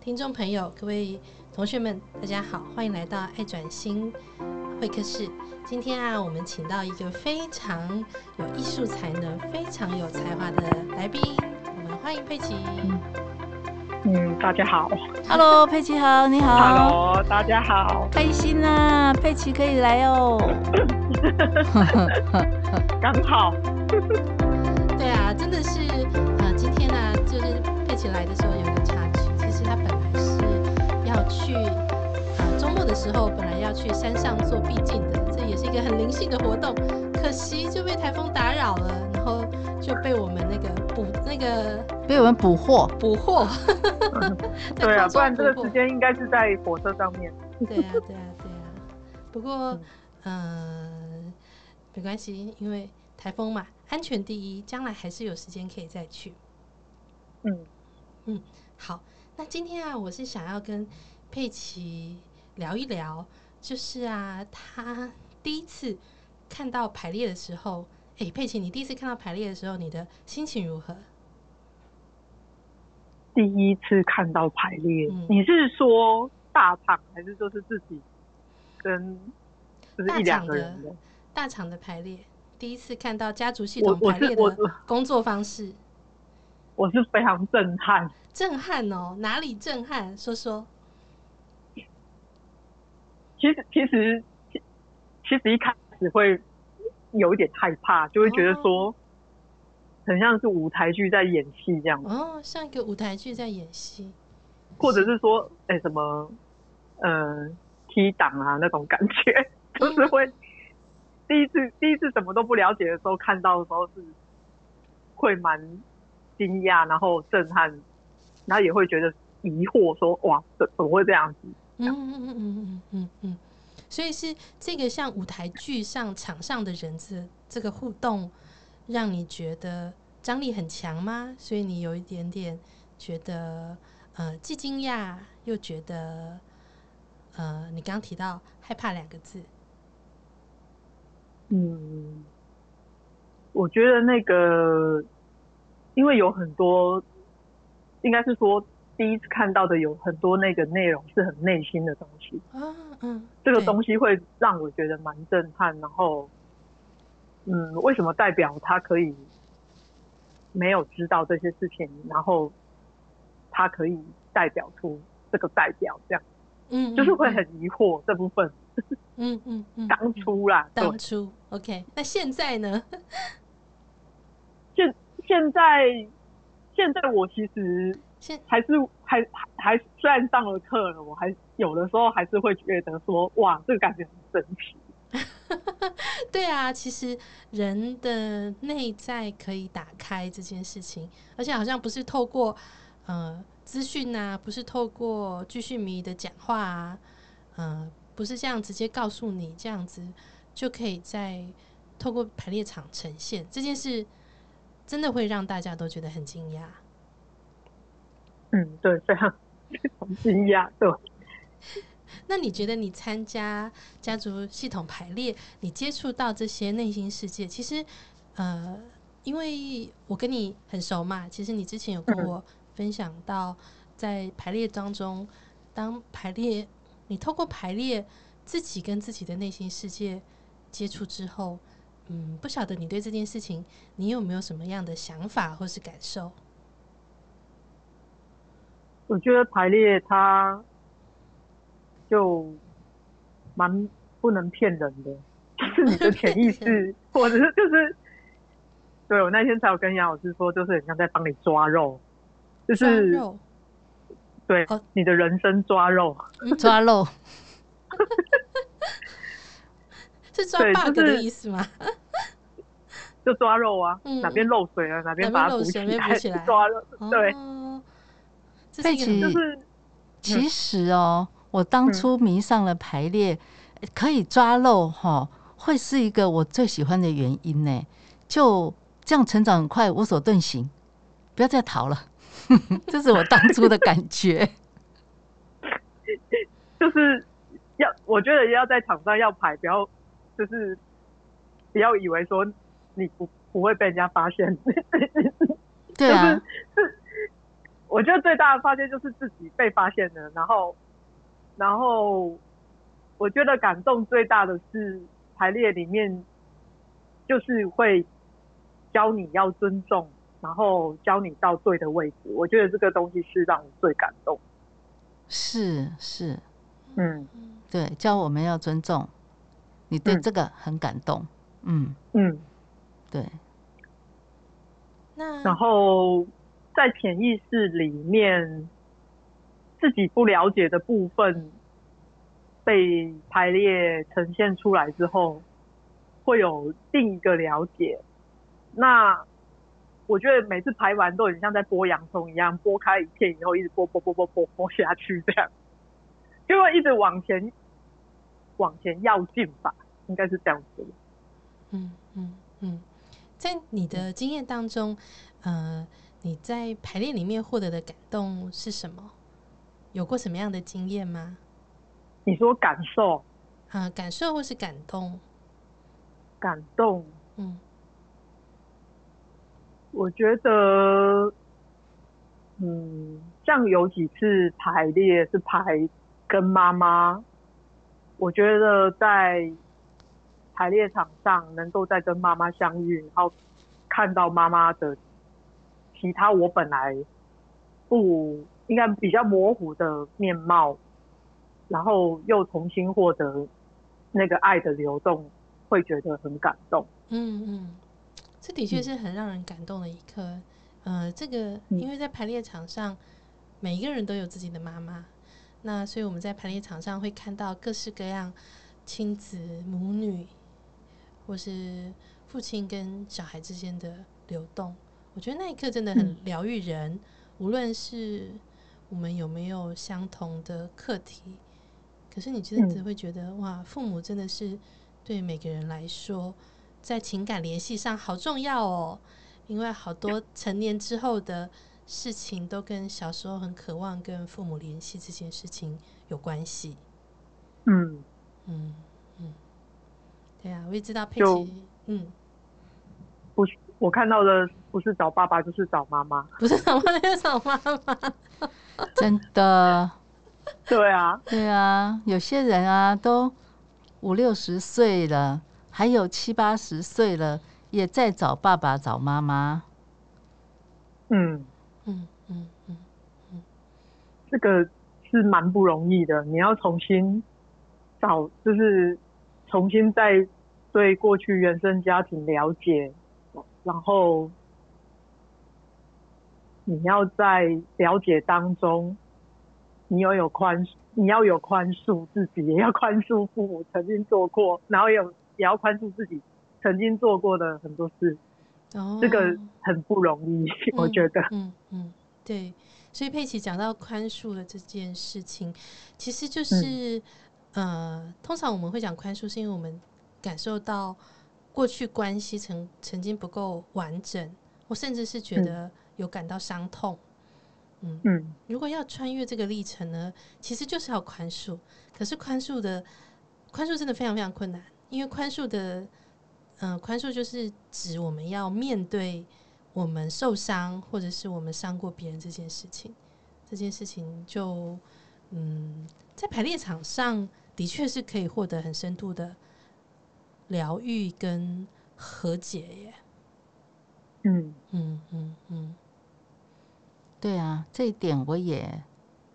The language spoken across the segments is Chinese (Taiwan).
聽眾朋友、各位同學們，大家好，歡迎來到愛轉心會客室。今天啊，我們請到一個非常有藝術才能、非常有才華的來賓，我們歡迎 Peggy。嗯，大家好，Hello，Peggy 好，你好，Hello，大家好，開心吶、啊，Peggy 可以來哦， 剛好、 嗯。對啊，真的是，呃、今天呢、啊，就是 Peggy 來的時候有個插。去啊，周末的時候本來要去山上做避靜的，這也是一個很靈性的活動，可惜就被台風打擾了，然後就被我們那個捕那個被我們捕獲捕獲。對啊，不然這個時間應該是在火車上面。 對啊，對啊，對啊。不過、嗯、呃沒關係，因為台風嘛，安全第一，將來還是有時間可以再去。嗯嗯，好。那今天啊，我是想要跟。佩奇聊一聊，就是啊，她第一次看到排列的時候，哎，佩奇，你第一次看到排列的時候，你的心情如何？第一次看到排列，嗯、你是說大場，還是說是自己跟、就是、一兩個大場的大場的排列？第一次看到家族系統排列的工作方式，我是，我是，我是非常震撼，震撼哦，哪裡震撼？說說。其實，其實，其實一開始會有一點害怕，就會覺得說，很像是舞台劇在演戲這樣子。哦，像一個舞台劇在演戲，或者是說，哎、欸，什麼，嗯、呃，踢擋啊那種感覺、嗯，就是會第一次，第一次什麼都不了解的時候，看到的時候是會蠻驚訝，然後震撼，然後也會覺得疑惑，說，哇，怎怎麼會這樣子？嗯嗯嗯嗯嗯嗯嗯，所以是這個像舞台劇上場上的人這這個互動，讓你覺得張力很強嗎？所以你有一點點覺得呃既驚訝又覺得呃你剛提到害怕兩個字，嗯，我覺得那個因為有很多應該是說。第一次看到的有很多那個內容是很內心的東西，這個東西會讓我覺得蠻震撼。然後，嗯，為什麼代表他可以沒有知道這些事情，然後他可以代表出這個代表這樣？嗯，就是會很疑惑這部分。嗯嗯嗯，當初啦，當初 OK，那現在呢？現現在現在我其實。還是還還算上了課了，我還有的時候還是會覺得說，哇，這個感覺很神奇。 對啊，其實人的內在可以打開這件事情，而且好像不是透過呃資訊啊，不是透過繼續迷的講話啊、呃，不是這樣直接告訴你，這樣子就可以在透過排列場呈現這件事，真的會讓大家都覺得很驚訝。嗯，對，這樣重新壓對。 那你覺得你參加家族系統排列，你接觸到這些內心世界，其實呃，因為我跟你很熟嘛，其實你之前有跟我分享到，在排列當中，當排列，你透過排列自己跟自己的內心世界接觸之後，嗯，不曉得你對這件事情，你有沒有什麼樣的想法或是感受？我覺得排列它就蠻不能騙人的，就是你的潛意識 或者是就是，對我那天才有跟楊老師說，就是很像在幫你抓漏，就是對，你的人生抓漏，抓漏， 是抓 bug 的意思嗎、就是？就抓漏啊，嗯、哪邊漏水了、啊，哪邊把它補起,起來，抓漏，哦、對。其實，就是、其實哦、喔嗯，我當初迷上了排列，嗯、可以抓漏哈、喔，會是一個我最喜歡的原因呢？就這樣成長很快，無所遁形，不要再逃了， 這是我當初的感覺。 就是要，我覺得要在場上要排，不要就是不要以為說你不不會被人家發現， 就是、對啊。我覺得最大的發現就是自己被發現了，然後，然後，我覺得感動最大的是排列裡面，就是會教你要尊重，然後教你到對的位置。我覺得這個東西是讓我最感動。是是，嗯，對，教我們要尊重，你對這個很感動，嗯嗯，對。那然後。在潛意識裡面，自己不了解的部分被排列呈現出來之後，會有另一個了解。那我覺得每次排完都很像在剝洋蔥一樣，剝開一片以後，一直剝剝剝剝剝剝下去，這樣，因為一直往前往前要進吧，應該是這樣子。嗯嗯嗯，在你的經驗當中，呃。你在排列裡面獲得的感動是什麼？有過什麼樣的經驗嗎？你說感受，嗯，感受或是感動？感動，嗯，我覺得，嗯，像有幾次排列是排跟媽媽，我覺得在排列場上能夠再跟媽媽相遇，然後看到媽媽的。其他我本來不應該比較模糊的面貌，然後又重新獲得那個愛的流動，會覺得很感動。嗯嗯，這的確是很讓人感動的一刻。嗯、呃，這個因為在排列場上，每一個人都有自己的媽媽，那所以我們在排列場上會看到各式各樣親子母女或是父親跟小孩之間的流動。我覺得那一刻真的很療癒人，嗯、無論是我們有沒有相同的課題，可是你真的只會覺得、嗯、哇，父母真的是對每個人來說，在情感聯繫上好重要哦，因為好多成年之後的事情都跟小時候很渴望跟父母聯繫這件事情有關係。嗯嗯嗯，對啊，我也知道佩奇，嗯，我我看到的。不是找爸爸就是找媽媽，不是找爸爸就是找媽媽，真的， 對啊，對啊，有些人啊都五六十歲了，還有七八十歲了，也在找爸爸找媽媽。嗯嗯嗯嗯嗯，這個是蠻不容易的，你要重新找，就是重新再對過去原生家庭了解，然後。你要在了解當中，你要有寬恕，你要有寬恕自己，也要寬恕父母曾經做過，然後有也要寬恕自己曾經做過的很多事。哦，這個很不容易，嗯、我覺得。嗯嗯，對。所以 Peggy 講到寬恕的這件事情，其實就是、嗯、呃，通常我們會講寬恕，是因為我們感受到過去關係曾曾經不夠完整。我甚至是覺得、嗯。有感到傷痛，嗯嗯，如果要穿越這個歷程呢，其實就是要寬恕。可是寬恕的寬恕真的非常非常困難，因為寬恕的，嗯、呃，寬恕就是指我們要面對我們受傷或者是我們傷過別人這件事情。這件事情就，嗯，在排列場上的確是可以獲得很深度的療癒跟和解耶。嗯嗯嗯嗯。嗯嗯對啊，這一點我也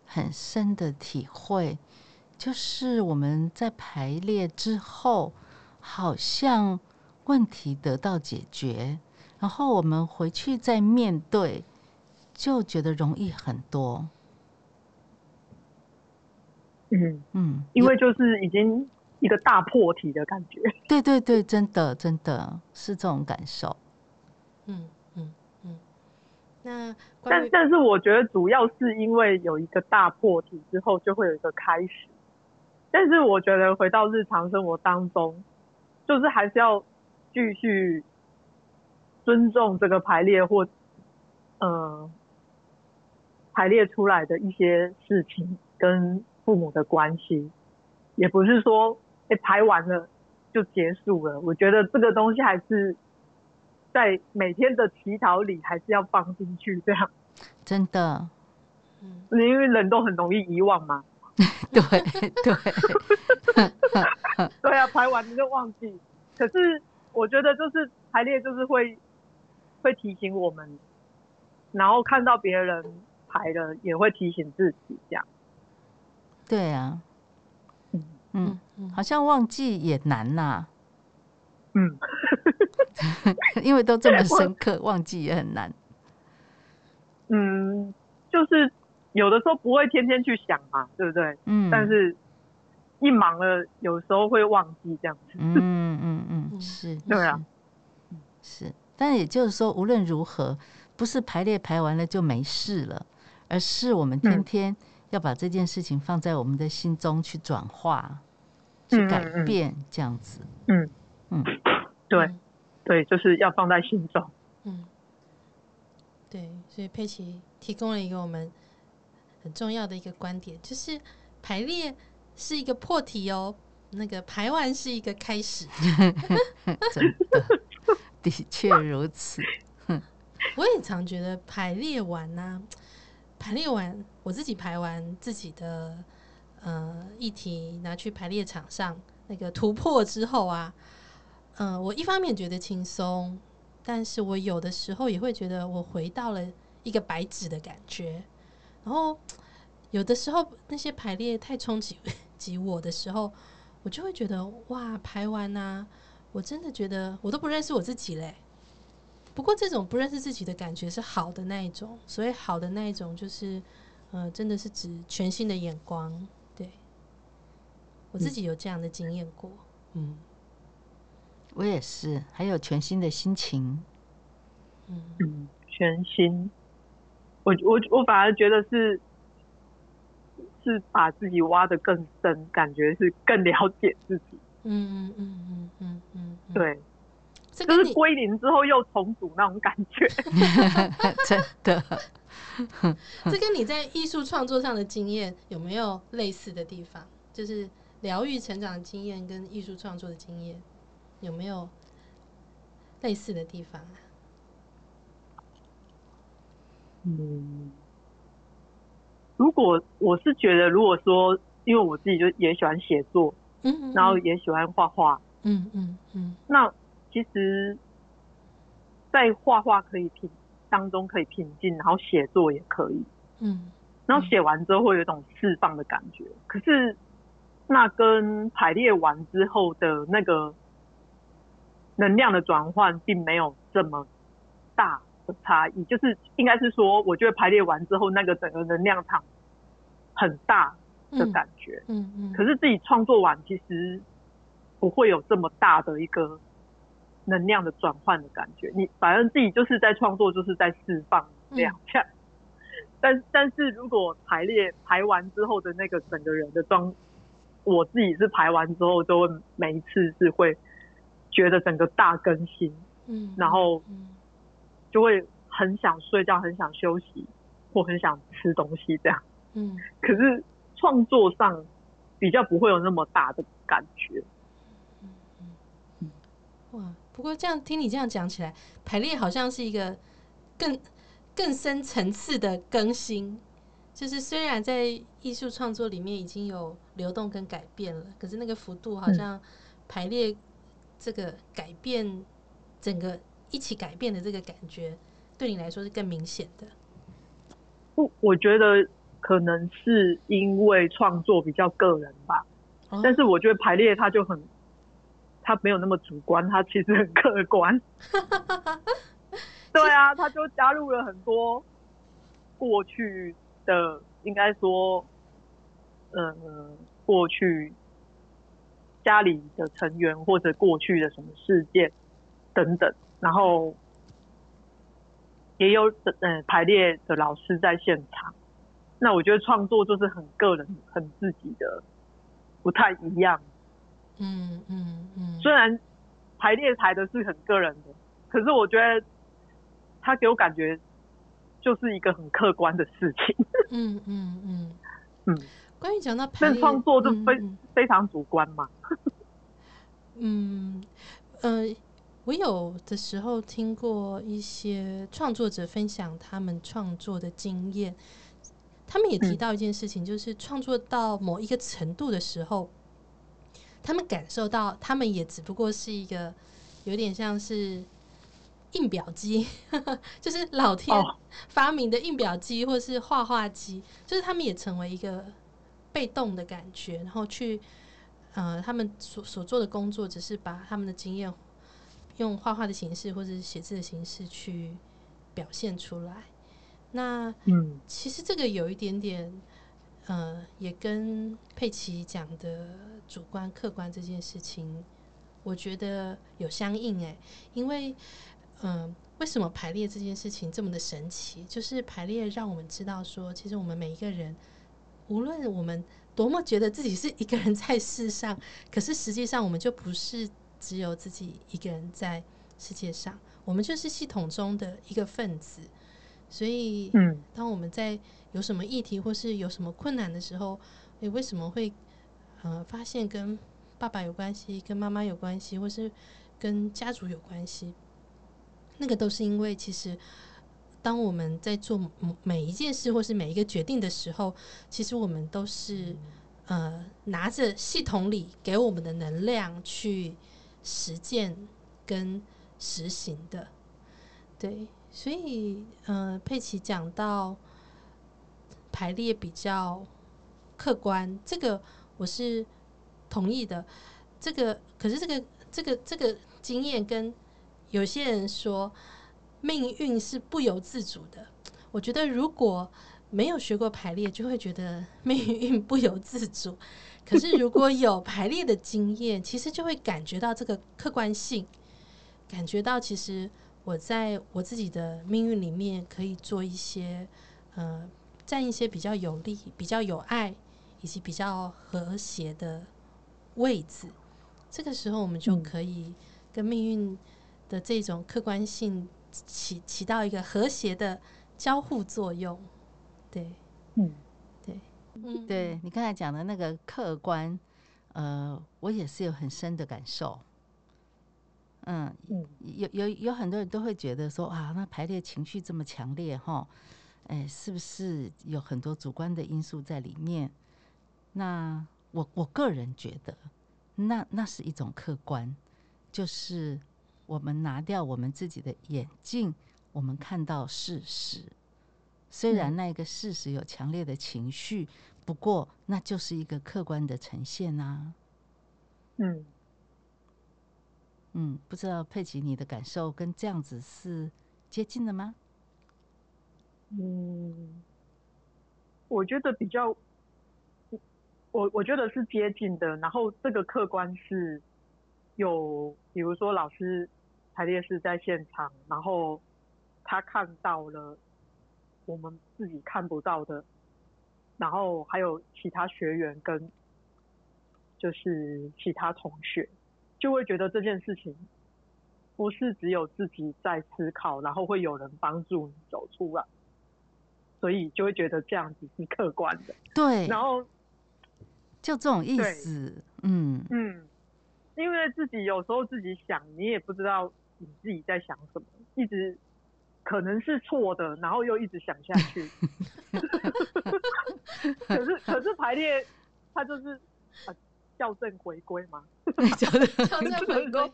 很深的體會，就是我們在排列之後，好像問題得到解決，然後我們回去再面對，就覺得容易很多。嗯嗯，因為就是已經一個大破題的感覺。對對對，真的真的是這種感受。嗯。那，但但是我覺得主要是因為有一個大破題之後，就會有一個開始。但是我覺得回到日常生活當中，就是還是要繼續尊重這個排列或嗯、呃、排列出來的一些事情跟父母的關係，也不是說哎、欸、排完了就結束了。我覺得這個東西還是。在每天的祈禱裡，還是要放進去這樣，真的，你因為人都很容易遺忘嘛，對 對，對， 對啊，排完就忘記。 可是我覺得，就是排列就是會會提醒我們，然後看到別人排的，也會提醒自己這樣。對啊，嗯嗯，好像忘記也難吶、啊，嗯。 因為都這麼深刻，忘記也很難。嗯，就是有的時候不會天天去想嘛，對不對？嗯。但是一忙了，有時候會忘記這樣子。嗯嗯嗯，是，嗯，是對啊。是，但也就是說，無論如何，不是排列排完了就沒事了，而是我們天天要把這件事情放在我們的心中去轉化、嗯、去改變這樣子。嗯嗯，嗯，嗯，對。對，就是要放在心中。嗯，對，所以 Peggy 提供了一個我們很重要的一個觀點，就是排列是一個破題哦，那個排完是一個開始。 真的， 的確如此。 我也常覺得排列完呢、啊，排列完我自己排完自己的呃議題，拿去排列場上那個突破之後啊。嗯、呃，我一方面覺得輕鬆，但是我有的時候也會覺得我回到了一個白紙的感覺。然後有的時候那些排列太衝擊及我的時候，我就會覺得哇，排完吶、啊，我真的覺得我都不認識我自己嘞。不過這種不認識自己的感覺是好的那一種，所以好的那一種就是，嗯、呃，真的是指全新的眼光。對我自己有這樣的經驗過，嗯。嗯我也是，還有全新的心情，嗯，全新。我我我反而覺得是是把自己挖得更深，感覺是更了解自己。嗯嗯嗯嗯嗯嗯，對。這個是歸零之後又重組那種感覺， 真的。 這跟你在藝術創作上的經驗有沒有類似的地方？就是療癒成長的經驗跟藝術創作的經驗。有沒有類似的地方啊？嗯，如果我是覺得，如果說，因為我自己就也喜歡寫作嗯嗯嗯，然後也喜歡畫畫，嗯嗯嗯，那其實，在畫畫可以平當中可以平靜，然後寫作也可以，嗯，嗯，然後寫完之後會有種釋放的感覺嗯嗯。可是那跟排列完之後的那個，能量的轉換並沒有這麼大的差異，就是應該是說，我覺得排列完之後，那個整個能量場很大的感覺。嗯嗯、嗯。可是自己創作完，其實不會有這麼大的一個能量的轉換的感覺。你反正自己就是在創作，就是在釋放能量下，嗯。但但是如果排列排完之後的那個整個人的裝，我自己是排完之後，就會每一次是會。覺得整個大更新，嗯，嗯，然後就會很想睡覺，很想休息，或很想吃東西這樣，嗯。可是創作上比較不會有那麼大的感覺，嗯，嗯，嗯。嗯。哇，不過這樣聽你這樣講起來，排列好像是一個更更深層次的更新，就是雖然在藝術創作裡面已經有流動跟改變了，可是那個幅度好像排列。嗯。這個改變，整個一起改變的這個感覺，對你來說是更明顯的。我我覺得可能是因為創作比較個人吧，哦，但是我覺得排列它就很，它沒有那麼主觀，它其實很客觀。 對啊，它就加入了很多過去的，應該說，嗯，過去。家裡的成員或者過去的什麼事件等等，然後也有，嗯，排列的老師在現場。那我覺得創作就是很個人、很自己的，不太一樣。嗯嗯嗯。雖然排列排的是很個人的，可是我覺得他給我感覺就是一個很客觀的事情。嗯嗯嗯嗯。嗯嗯關於講到拍，現在創作就非、嗯、非常主觀嘛。嗯，呃，我有的時候聽過一些創作者分享他們創作的經驗，他們也提到一件事情，就是創作到某一個程度的時候，嗯、他們感受到，他們也只不過是一個有點像是印表機， 就是老天發明的印表機，或是畫畫機，就是他們也成為一個。被動的感覺，然後去，呃，他們所所做的工作只是把他們的經驗用畫畫的形式或者寫字的形式去表現出來。那嗯，其實這個有一點點，呃，也跟佩奇講的主觀客觀這件事情，我覺得有相應誒。因為嗯、呃，為什麼排列這件事情這麼的神奇？就是排列讓我們知道說，其實我們每一個人。無論我們多麼覺得自己是一個人在世上，可是實際上我們就不是只有自己一個人在世界上，我們就是系統中的一個分子。所以，當我們在有什麼議題或是有什麼困難的時候，你、欸、為什麼會呃發現跟爸爸有關係、跟媽媽有關係，或是跟家族有關係？那個都是因為其實。當我們在做每一件事或是每一個決定的時候，其實我們都是呃拿着系統裡給我們的能量去實踐跟實行的，對，所以呃 Peggy 講到排列比較客觀，這個我是同意的。這個可是這個這個這個經驗跟有些人說。命運是不由自主的。我覺得如果沒有學過排列，就會覺得命運不由自主。可是如果有排列的經驗，其實就會感覺到這個客觀性，感覺到其實我在我自己的命運裡面可以做一些，呃，佔一些比較有利、比較有愛以及比較和諧的位置。這個時候，我們就可以跟命運的這種客觀性。起起到一個和諧的交互作用，對，嗯，對，嗯，對你剛才講的那個客觀，呃，我也是有很深的感受，嗯，有有有很多人都會覺得說啊，那排列情緒這麼強烈哈，哎，呃，是不是有很多主觀的因素在裡面？那我我個人覺得，那那是一種客觀，就是。我們拿掉我們自己的眼鏡，我們看到事實。雖然那一個事實有強烈的情緒，不過那就是一個客觀的呈現吶、啊。嗯嗯，不知道佩奇，你的感受跟這樣子是接近的嗎？嗯，我覺得比較，我我覺得是接近的。然後這個客觀是有，比如說老師。排列是在現場，然後他看到了我們自己看不到的，然後還有其他學員跟就是其他同學，就會覺得這件事情不是只有自己在思考，然後會有人幫助你走出來，所以就會覺得這樣子是客觀的。對，然後就這種意思，嗯嗯，因為自己有時候自己想，你也不知道。你自己在想什麼？一直可能是錯的，然後又一直想下去。 可是，可是排列它就是呃校正回歸嗎？校正回歸，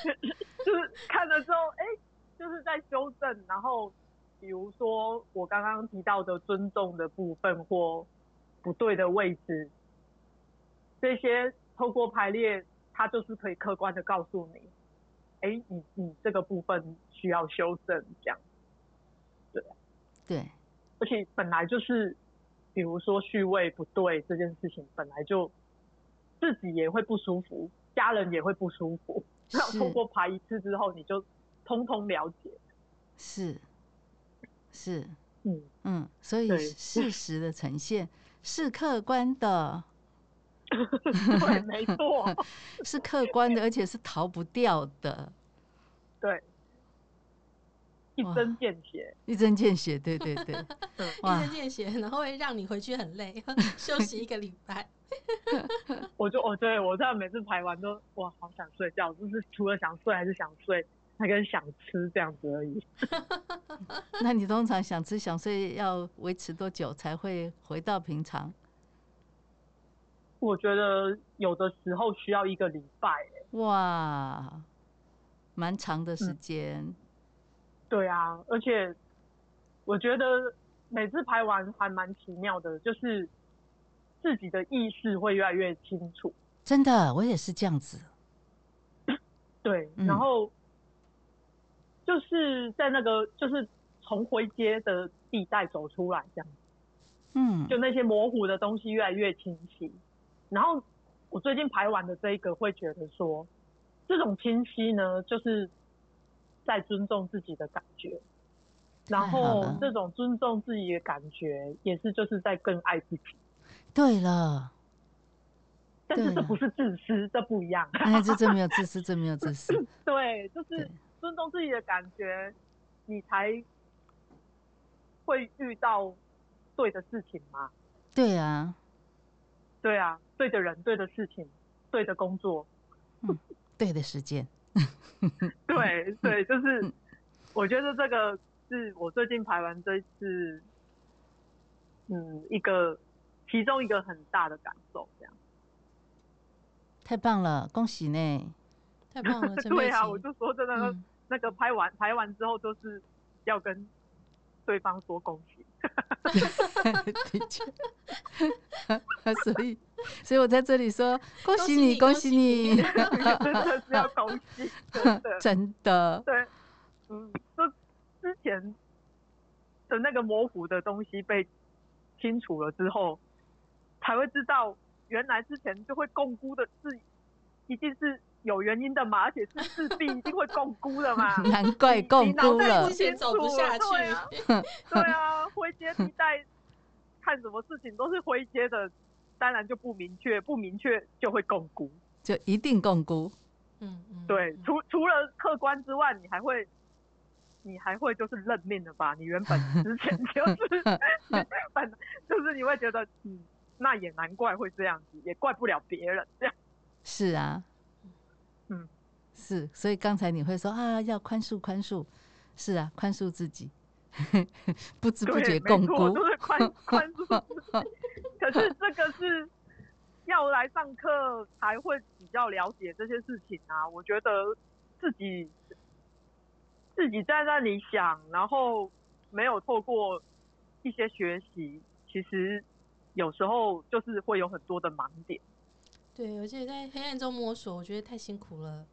就是看了之後，哎、欸，就是在修正。然後，比如說我剛剛提到的尊重的部分或不對的位置，這些透過排列，它就是可以客觀的告訴你。哎、欸，你你這個部分需要修正，這樣子，對，對，而且本來就是，比如說序位不對這件事情，本來就自己也會不舒服，家人也會不舒服。那通過排一次之後，你就通通了解。是，是，是嗯嗯，所以事實的呈現 是客觀的。 對，沒錯， 是客觀的，而且是逃不掉的。對，一針見血，一針見血，對對對，對一針見血，然後會讓你回去很累， 休息一個禮拜。 我就哦，我對，我這樣每次排完都哇，好想睡覺，就是除了想睡還是想睡，還跟想吃這樣子而已。 那你通常想吃想睡要維持多久才會回到平常？我覺得有的時候需要一個禮拜。欸，哇，蠻長的時間。嗯。對啊，而且我覺得每次排完還蠻奇妙的，就是自己的意識會越來越清楚。真的，我也是這樣子。 對、嗯，然後就是在那個就是重回街的地帶走出來，這樣。嗯，就那些模糊的東西越來越清晰。然後我最近排完的這一個，會覺得說，這種清晰呢，就是在尊重自己的感覺，然後這種尊重自己的感覺，也是就是在更愛自己。對了，但是這不是自私，這不一樣。哎，這真沒有自私，真 沒有自私。 對，就是尊重自己的感覺，你才會遇到對的事情嘛。對啊。對啊，對的人，對的事情，對的工作、嗯，對的時間， 對對，就是、嗯、我覺得這個是我最近排完這一次，嗯，一個其中一個很大的感受，這樣。太棒了，恭喜呢、欸！太棒了，真 對啊，我就說真的、那個嗯，那個排完排完之後，就是要跟。對方說恭喜， 所以，所以我在這裡說恭喜你，恭喜你，喜你 真的是要恭喜， 真的，真的，對，嗯，就之前的那個模糊的東西被清楚了之後，才會知道原來之前就會貢龜的事一定是。有原因的嘛，而且是勢必一定會貢龜的嘛，難怪貢龜了。你腦袋不前走不下去。啊，對啊，灰 階地帶看什麼事情都是灰階的，當然就不明確，不明確就會貢龜，就一定貢龜。嗯，對，除除了客觀之外，你還會，你還會就是認命了吧？你原本之前就是，本 就是你會覺得，嗯，那也難怪會這樣子，也怪不了別人。這樣是啊。嗯，是，所以剛才你會說啊，要寬恕寬恕，是啊，寬恕自己， 不知不覺貢龜，都、就是寬寬恕， 恕自己。可是這個是要來上課才會比較了解這些事情啊。我覺得自己自己在那裡想，然後沒有透過一些學習，其實有時候就是會有很多的盲點。對，而且在黑暗中摸索，我覺得太辛苦了。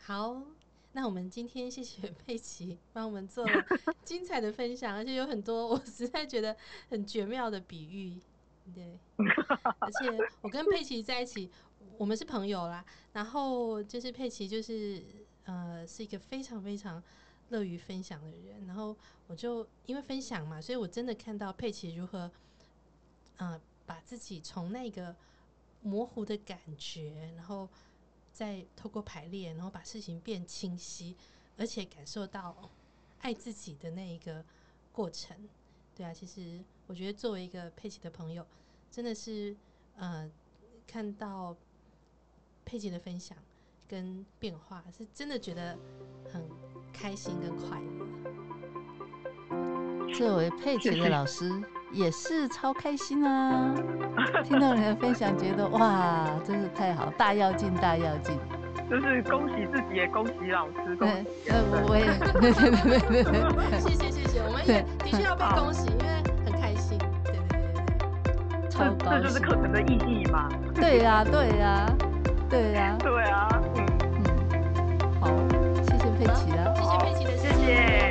好，那我們今天謝謝 Peggy 幫我們做了精彩的分享，而且有很多我實在覺得很絕妙的比喻。對，而且我跟 Peggy 在一起，我們是朋友啦。然後就是 Peggy，就是呃，是一個非常非常樂於分享的人。然後我就因為分享嘛，所以我真的看到 Peggy 如何，呃把自己從那個。模糊的感覺，然後再透過排列，然後把事情變清晰，而且感受到愛自己的那一個過程。對啊，其實我覺得作為一個 Peggy 的朋友，真的是呃，看到 Peggy 的分享跟變化，是真的覺得很開心跟快樂。作為 Peggy 的老師。 也是超開心啊！聽到你的分享，覺得哇，真是太好，大躍進、大躍進，就是恭喜自己也，恭喜老師，恭喜我們，嗯。對對對對對，呃、我也 謝謝謝謝，我們也的確要被恭喜，啊，因為很開心。對對對，這超高這就是課程的意義嘛？ 對呀、啊、對呀、啊、對呀、啊對，啊欸、對啊！嗯對啊嗯，好，謝謝佩奇啊！啊謝謝佩奇的謝謝。